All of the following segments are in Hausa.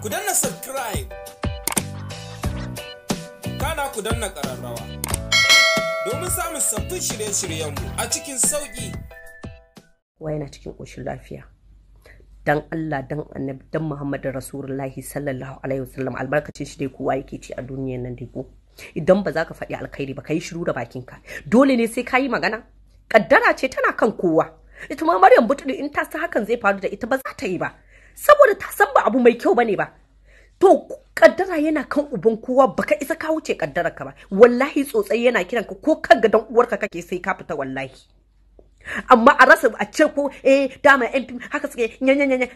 ku danna subscribe kana ku danna ƙararrawa domin samun sabbin shirye-shiryenmu a cikin sauƙi wa yana cikin ƙoshin lafiya dan Allah dan annabi dan Muhammadu Rasulullahi sallallahu alaihi wasallam albarkacin shi dai kowa yake ci a duniyar nan dai ko idan ba za ka faɗi alkhairi ba yi shiru da bakin ka dole ne sai ka yi magana kaddara ce tana kan kowa ita ma Maryam Butudu in ta san hakan zai faru da ita ba za ta yi ba saboda ta san ba abu mai kyau bane ba to kaddara yana kan uban kowa baka isa ka wuce kaddarar ka ba wallahi tsotsai yana kiran ka ko kan gadon uwarka kake sai ka fita wallahi amma a rasa a ce ko eh dama mp haka suke nyanya nyanya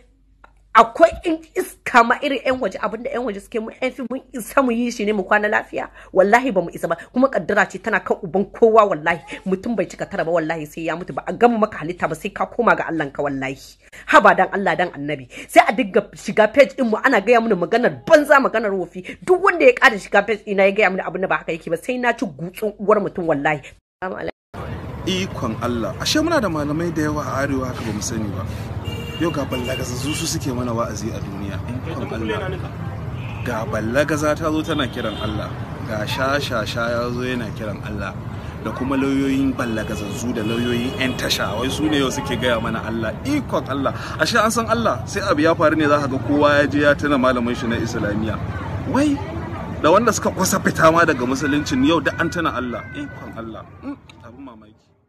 akwai in iska ma irin yan waje abinda yan waje suke mu yan fi mun isa mu yi shi ne mu kwana lafiya wallahi ba mu isa ba kuma kaddara ce tana kan uban kowa wallahi mutum bai cika tara ba wallahi sai ya mutu ba a gama maka halitta ba sai ka koma ga Allah ka wallahi haba dan Allah dan annabi sai a dinga shiga page din mu ana gaya mana maganar banza maganar wofi duk wanda ya kada shiga page ina ya gaya mana abin da ba haka yake ba sai na ci gutsun uwar mutum wallahi ikon Allah ashe muna da malamai da yawa a arewa haka ba mu sani ba yau ga ballagaza su su suke mana wa'azi a duniya eh, ga ballagaza ta zo tana kiran Allah ga shashasha ya zo yana kiran Allah da kuma lauyoyin ballagazazzu da lauyoyin 'yan tasha wai su ne yau suke gaya mana Allah ikon Allah shi an san Allah sai abu ya faru ne za ka ga kowa ya je ya tana malamin shi na islamiyya wai da wanda suka kwasa fita ma daga musuluncin yau da an tana Allah ikon Allah hmm, abin mamaki